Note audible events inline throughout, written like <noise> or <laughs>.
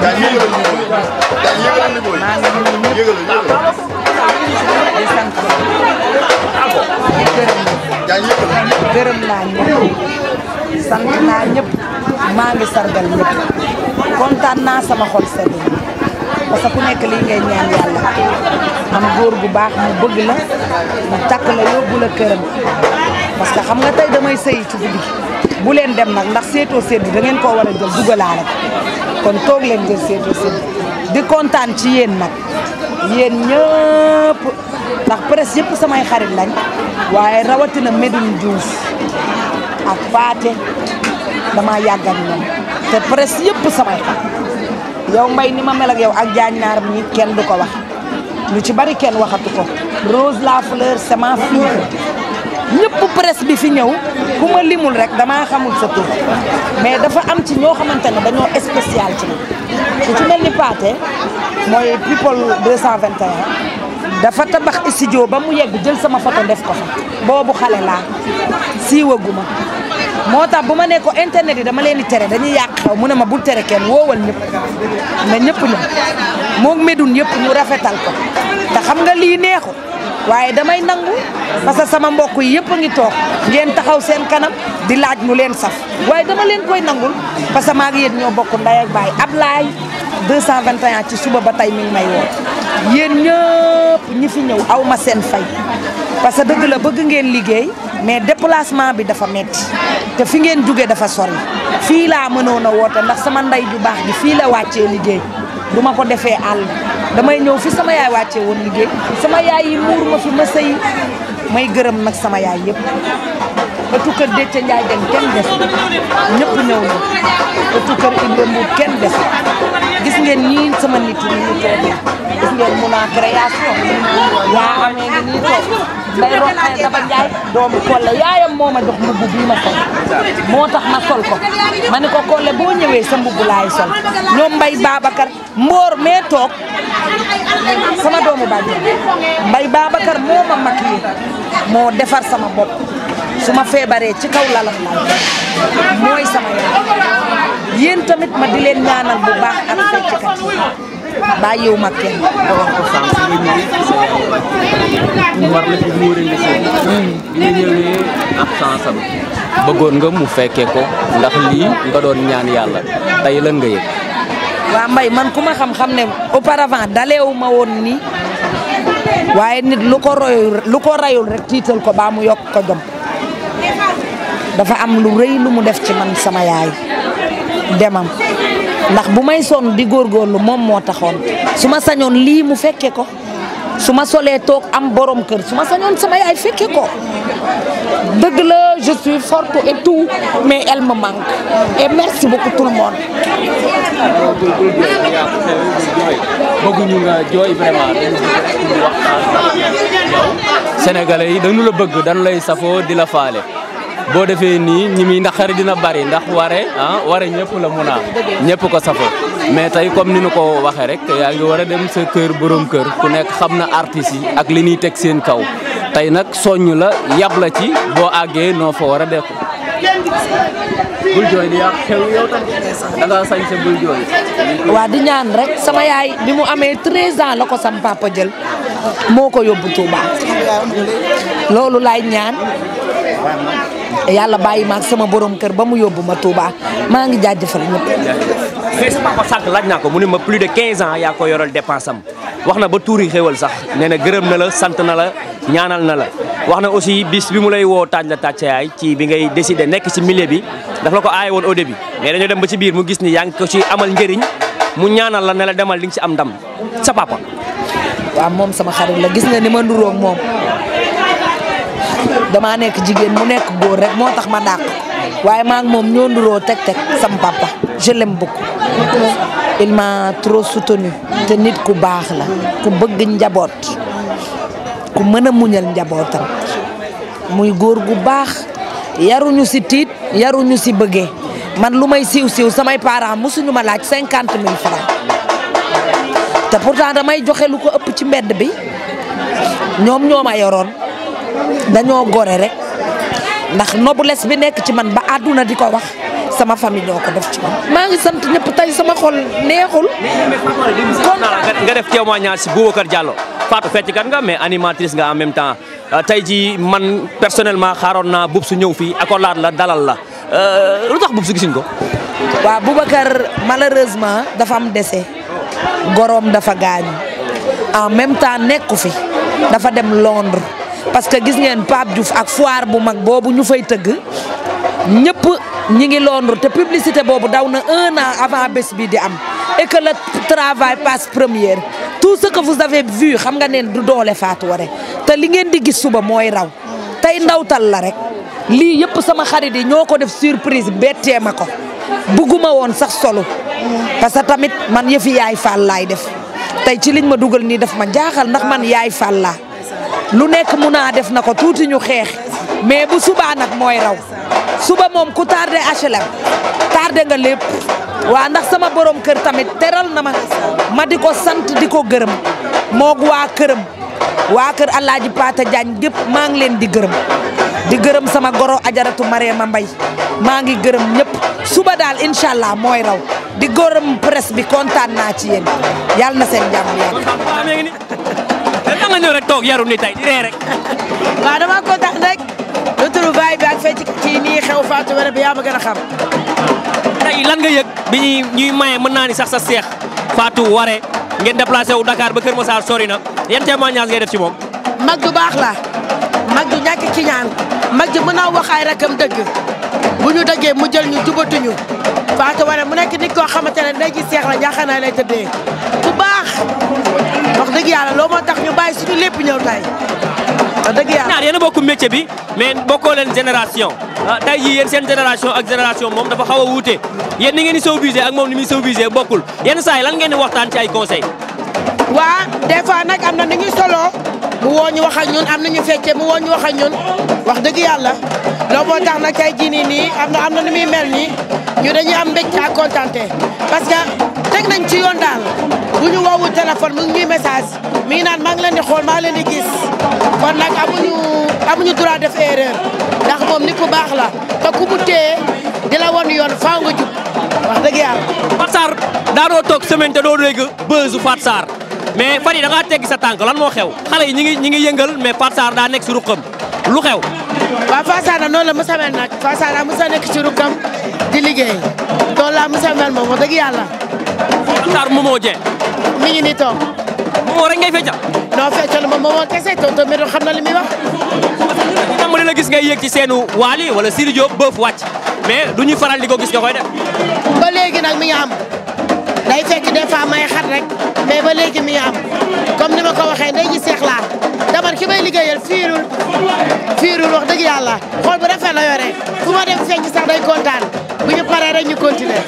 gaa yëgal di sant di gërëm gaa naa sant naa ñëpp maa ngi sargal ñëpp kontaan naa sama xol sedd parce que ku nekk lii ngay ñaan yàlla am góor gu baax mu bëgg la mu takk la yóbbu la këram parce que xam nga tey damay sëyi ci guddi bu leen dem nag ndax seetoo sedd da ngeen koo war a jël dugalaale kon toog leen jël seetoo sedd di kontaan ci yéen nag yéen ñëpp ndax presse yëpp samay xarit lañ waaye rawatina Medoune Diouf ak Paate dama yàgg ak te presse yëpp samay xarit yow mbay ni ma mel ak yow ak jaañ naar mi kenn du ko wax lu ci bari kenn waxatu ko Rose la fleur c'est ma fille ñëpp presse bi fi ñëw ku ma limul rek damaa xamul sa tur mais dafa am ci ñoo xamante ne dañoo spécial ci ku ci mel ni Paate mooy people 221 dafa tabax studio ba mu yegg jël sama photo def ko boobu xale siiwaguma moo tax bu ma ne internet yi dama leen di tere dañuy yàq xaw mu ne ma bul tere kenn woowal ñëpp ne ñëpp ñëpp moo medun yëpp ñu rafetal ko te xam nga lii neexu waaye damay nangu parce que sama mbokk yi yëpp a ngi toog ngeen taxaw seen kanam di laaj mu leen saf waaye dama leen koy nangul parce que maa ngi yéen ñoo bokk ndey ak baay Ablaay 221 ci suba ba tey mi may woo yéen ñëpp ñi fi ñëw aw ma seen fay parce que dëgg la bëgg ngeen liggéey mais déplacement bi dafa metti te fi ngeen jóge dafa sori fii laa mënoon a woote ndax sama ndey ju baax ji fii la wàccee liggéey du ma ko defee àll damay ñëw fi sama yaay wàccee woon liggéey sama yaay yi muur ma fi ma sëy may gërëm nag sama yaay yëpp ëttu kër Déthié Ndiaye dem kenn des ñëpp ñëw na ëttu kër Ibra Mbuur kenn des ngeen nii sama nit ñi ñu toogee gis ngeen mun amee ngi nii toog mbay roqee daba njaay doomu kolle yaayam moo ma jox mbubb bii ma sol moo tax ma sol ko ma ni ko kolle boo ñëwee sa mbubb laay sol ñoom mbay Babacar mboor mee toog sama doomu bàjjo mbay Babacar moo ma mag yi moo defar sama bopp su ma feebaree ci kaw lalam laay mooy sama yaay yéen tamit ma di leen ñaanal bu baax ak fecckat bàyyiwu ma kenn. waxoon ko nga bëggoon nga mu fekke ko ndax lii nga doon ñaan yàlla tey lan nga yëg. waa mbay man ku ma xam-xam ne auparavant daleewu ma woon nii waaye nit lu ko royul ko rayul rek tiital ko baa mu yokk ko jom dafa am lu rëy lu mu def ci man sama yaay. demam ndax bu may sonn di góor góorlu moom moo taxoon su ma sañoon lii mu fekke ko su ma solee toog am boroom kër su ma sañoon sama yaay fekke ko dëgg la je suis forte et tout mais elle me manque et merci beaucoup tout le monde. bëgguñu nga jooy vraiment dañu waxtaan Sénégalais yi dañu la bëgg dañu lay safoo di la faale. boo defee nii ñimi muy ndax xari dina bari ndax ware ah ware ñëpp la mun a ñëpp ko safo mais tey comme ni nu ko waxee rek yaa ngi war a dem sa kër borom kër ku nekk xam na artis yi ak li ñuy teg seen kaw tey nag soññ la yab la ci boo àggee noo fa war a def. bul jooy di yàq xew yow tam da sañ sa bul waa di ñaan rek sama yaay bi mu amee 13 ans la ko sam papa jël moo ko yóbbu Touba loolu laay ñaan. yàlla bàyyi ma ak sama borom kër ba mu yóbbu ma Touba maa ngi jaajëfal ñëpp. mais sama papa sànq laaj naa ko mu ne ma plus de 15 ans yaa ko yoral dépense wax na ba tuuri xéwal sax nee na gërëm na la sant na la ñaanal na la wax na aussi bis bi mu lay woo taaj la taaj sa yaay ci bi ngay décider nekk ci milieu bi dafa ko aaye woon au début mais dañoo dem ba ci biir mu gis ni yaa ngi ko ci amal njëriñ mu ñaanal la ne la demal li nga ci am ndam sa papa. waaw moom sama damaa nekk jigéen mu nekk góor rek moo tax ma dàq waaye maa moom ñoo nduroo teg teg sam papa je l'aime beaucoup il trop soutenu te nit ku baax la ku bëgg njaboot ku mën a muñal njabootam muy góor gu baax yaruñu si tiit yaruñu si bëggee man lu may siiw siiw samay parents mosuñu ma laaj cinquante mille francs te pourtant damay joxe lu ko ëpp ci mbedd bi ñoom ñoom ma yoroon dañoo gore rek ndax noblesse bi nekk ci man ba àdduna di ko wax sama famille ñoo ko def ci man maa ngi sant ñëpp tey sama xol neexul. kon nga def témoignage si Boubacar Diallo Fatou fecc kan nga mais animatrice nga en même temps euh, tey ji man personnellement xaaroon naa bub su ñëw fii accolade la dalal la euh, lu tax bub su gisuñ ko. waaw Boubacar malheureusement dafa am décès goroom dafa gaañu en même temps nekku fi dafa dem Londres. parce que gis ngeen Pape Diouf ak foire bu mag boobu ñu fay tëgg ñëpp ñi ngi Londres te publicité boobu daw na un avant bés bi di am et que travail passe première tout ce que vous avez vu xam nga neen du doole faatu Waré te li ngeen di gis suba mooy raw tey ndawtal la rek lii yëpp sama xarit yi ñoo ko def surprise bettee ma ko bugguma woon sax solo parce que tamit man yëfi yaay Fall laay def tey ci liñ ma dugal nii def ma jaaxal ndax man yaay Fall laa lu nekk mun naa def na ko tuuti ñu xeex mais bu subaa nag mooy raw suba moom ku tardé HLM tardé nga lépp waa ndax sama borom kër tamit teral na ma ma di ko sant di ko gërëm moog waa këram waa kër Alaaji Paata Jaañ gépp maa ngi leen di gërëm di gërëm sama goro ajaratu Mariama Mbay maa ngi gërëm ñëpp suba daal incha allah mooy raw di gërëm presse bi kontaan naa ci yéen yàlla na seen jàmm yàgg nga ñëw rek toog yaru ni tey di ree rek. <laughs> waaw dama kontaan rek. lu turu baay bi ak fecc ci nii xew Fatou Wele bi yaa ma gën a lan nga yëg bi ñuy ñuy maye mën naa ni sax sa seex Fatou Wele ngeen déplacé wu dakaar ba Kër Massar sori na ma témoignage ngay def ci moom. mag du baax la mag du ñàkk ci ñaan mag du mën a wax ay rakam dëgg. bu ñu dajee mu jël ñu jubatuñu Fatou Wara mu nekk nit koo xamante ne day ci seex la ñaxanaay lay tëddee ku baax wax dëgg yàlla loo moo tax ñu bàyyi suñu lépp ñëw tay wax dëgg yàlla. ñaar yéen a bi mais bokkoo leen génération ah, tay jii yéen seen génération ak génération moom dafa xaw a wuute yéen ni ngeen di moom ni muy sauvisé bokkul yenn saa yi lan ngeen di waxtaan ci ay conseil waa des fois nag am na nu ñuy solo mu woo ñu wax ak ñun am na ñu feccee mu woo ñu wax ak ñun wax dëgg yàlla. loolu moo tax nag tey jii nii nii am na am na nu muy mel nii ñu am mbégte ak contenté parce que teg nañ ci yoon daal bu ñu woowul téléphone mu ñuy message mi ngi naan maa ngi leen di xool maa leen di gis kon nag amuñu amuñu droit def erreur ndax moom nit ku baax la te ku mu téye di la won yoon faaw nga jub wax dëgg yàlla. Fatou Sarr daanoo toog semaine te doo dégg buzz Fatou Sarr mais fan yi da ngaa teg sa tànk lan moo xew xale yi ñu ngi ñi ngi yëngal mais Fatou Sarr daa nekk si ruqam lu xew. waaw Fassana noonu la mos a mel nag Fassana mos a nekk ci rukkam di liggéey loolu laa mos a mel moom wax dëgg yàlla. Matar Momo Dieng. mi ngi nii toog. Momo rek ngay feccal. non feccal moom Momo kese tonton Médou xam na li muy wax. tàmbali la gis ngay yéeg ci seenu Wally wala Sidy Diop bëf wàcc du ñuy faral di ko gis nga koy def. ba léegi nag mi ngi am. day fekk des fois may xat ba léegi mi ngi am comme ni ma ko waxee ndey ji seex man ki may liggéeyal fiirul fiirul wax dëgg yàlla xool bu la yore sax day kontaan bu ñu paree rek ñu continuer.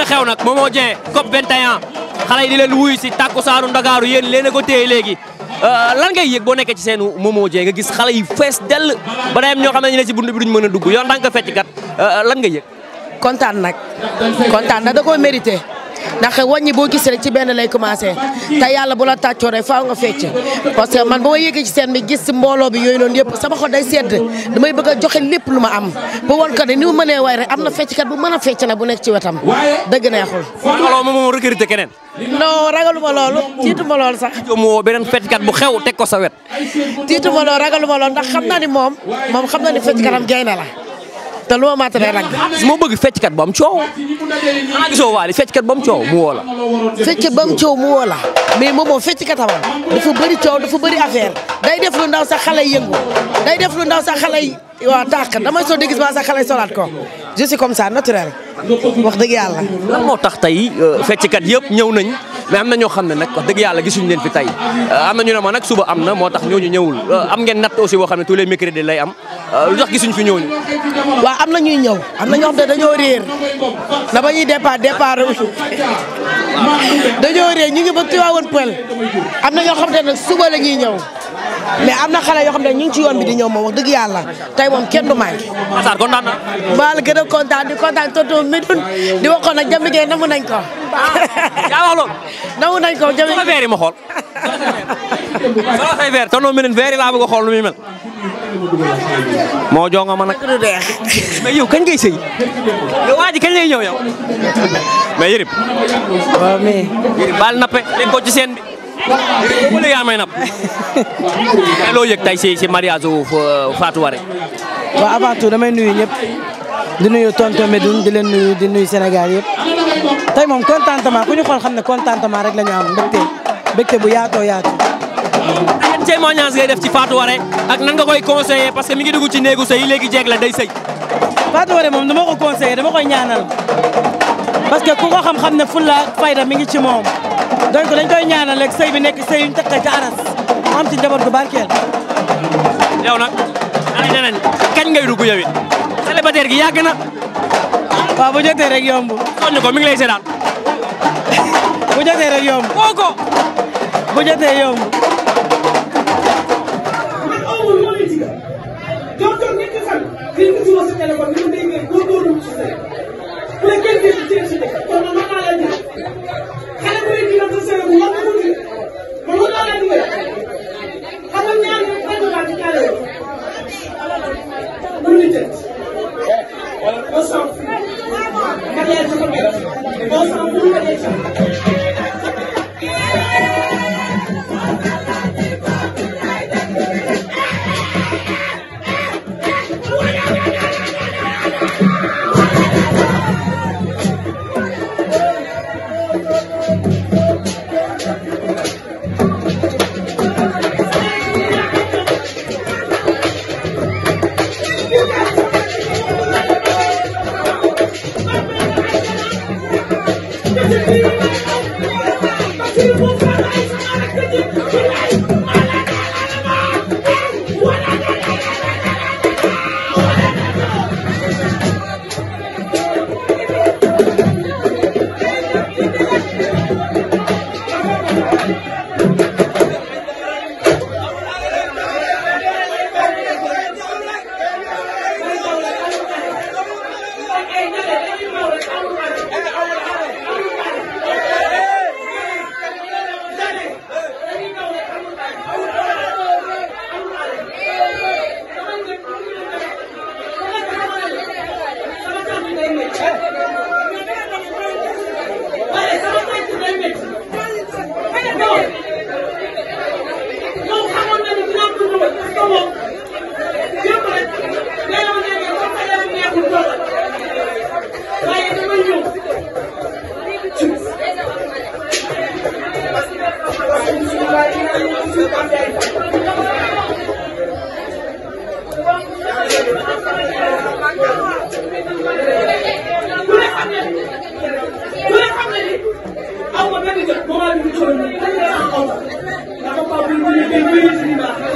a xew nag Momo Dieng COP 21 xale yi di leen wuyu si takkusaanu Ndakaaru yéen leen ko téye léegi euh, lan ngay yëg boo nekkee ci seen Momo Dieng nga gis xale yi fees dell ba dayam ñoo xam ne ñu ne si bunt bi duñ mën a dugg yow en tant que fecckat euh, lan nga yëg. kontaan nag kontaan da koo mérité. ndax wàññi boo gis rek ci benn lay commencé te yàlla bu la tàccoo rek faaw nga fecc parce que man ba ma yéegee ci seen bi gis mbooloo bi yooyu noonu yëpp sama xol day sedd damay bëgg a joxe lépp lu ma am ba woon ko ne ni mu mënee way rek am na fecckat bu mën a fecc na bu nekk ci wetam dëgg neexul. alors moom moo recruté keneen. non ragalu ma loolu tiitu loolu sax. moo beneen fecckat bu xew teg ko sa wet. tiitu ma loolu ragalu ma loolu ndax xam naa ni moom moom xam naa ni fecckatam gay na la. te lu ma maa tamit moo bëgg fecckat ba mu coow. xanaa gisoo waali fecckat ba mu coow mu woo la. fecckat ba mu coow mu woo la mais moom moom fecckatamam dafa bëri coow dafa bëri affaire day def lu ndaw sax xale yi yëngu day def lu ndaw sax xale yi waaw tàq damay soo dégg sax xale yi solaat ko je suis comme ça naturel wax dëgg yàlla. lan moo tax tey euh, fecckat yëpp ñëw nañ. mais am na ñoo xam ne nag wax dëgg yàlla gisuñu leen fi tey euh, am na ñu ne ma nag suba am na moo tax ñooñu ñëwul euh, am ngeen natt aussi boo xam ne tous les mercredis lay am euh, lu tax gisuñ fi ñooñu waaw am na ñuy ñëw am na ñoo xam ne dañoo réer na ba ñuy départ départ dañoo réer ñu ngi ba Tivaouane Peulh am na ñoo xam ne nag suba la ñuy ñëw mais am na xale yoo xam ne ñu ngi ci yoon bi di ñëw moom wax dëgg yàlla tey moom kenn du manqué. Massar kontaan na. maa la gën a kontaan di kontaan tonton Médoune di waxoon nag Jami Gueye namu nañ ko. Ah, yaa wax loolu. <laughs> nañ ko Jami. sama verre yi ma xool. sama say verre tonton Médoune verre a xool lu muy mel. moo jonga ma nag. du deex. mais yow kañ ngay sëy. yow waa ji kañ lay ñëw yow. <laughs> mais Yérim. waaw mais. baal nappe. leen ko ci seen bi. boobu léegi yaa may napp <laughs> loo yëg tey si si mariage wu euh, Fatou Waré. damay nuyu ñëpp di nuyu tonton Medoune di leen nuyu di nuyu Sénégal yëpp tey moom contentement ku ñu xool xam ne contentement rek la ñu am mbégte mbégte bu yaatoo yaatu. yan témoignage ngay def ci Fatou Waré ak nan nga koy conseiller parce que mi ngi dugg ci néegu sëy yi léegi jeeg la day sëy. Fatou Waré moom dama ko conseiller dama koy ñaanal parce que ku ko xam-xam ne fulla fayda mi ngi ci moom. donc dañ koy ñaanal rek sëy bi nekk sëy yuñ takka ci aras mu am ci njaboot gu barkeel yow nag ay neneen kañ ngay dugg yow it célibataire gi yàgg na waaw bu jotee rek yomb soññ ko mi ngi lay seetaan <laughs> bu jotee rek yomb woo ko bu jotee yomb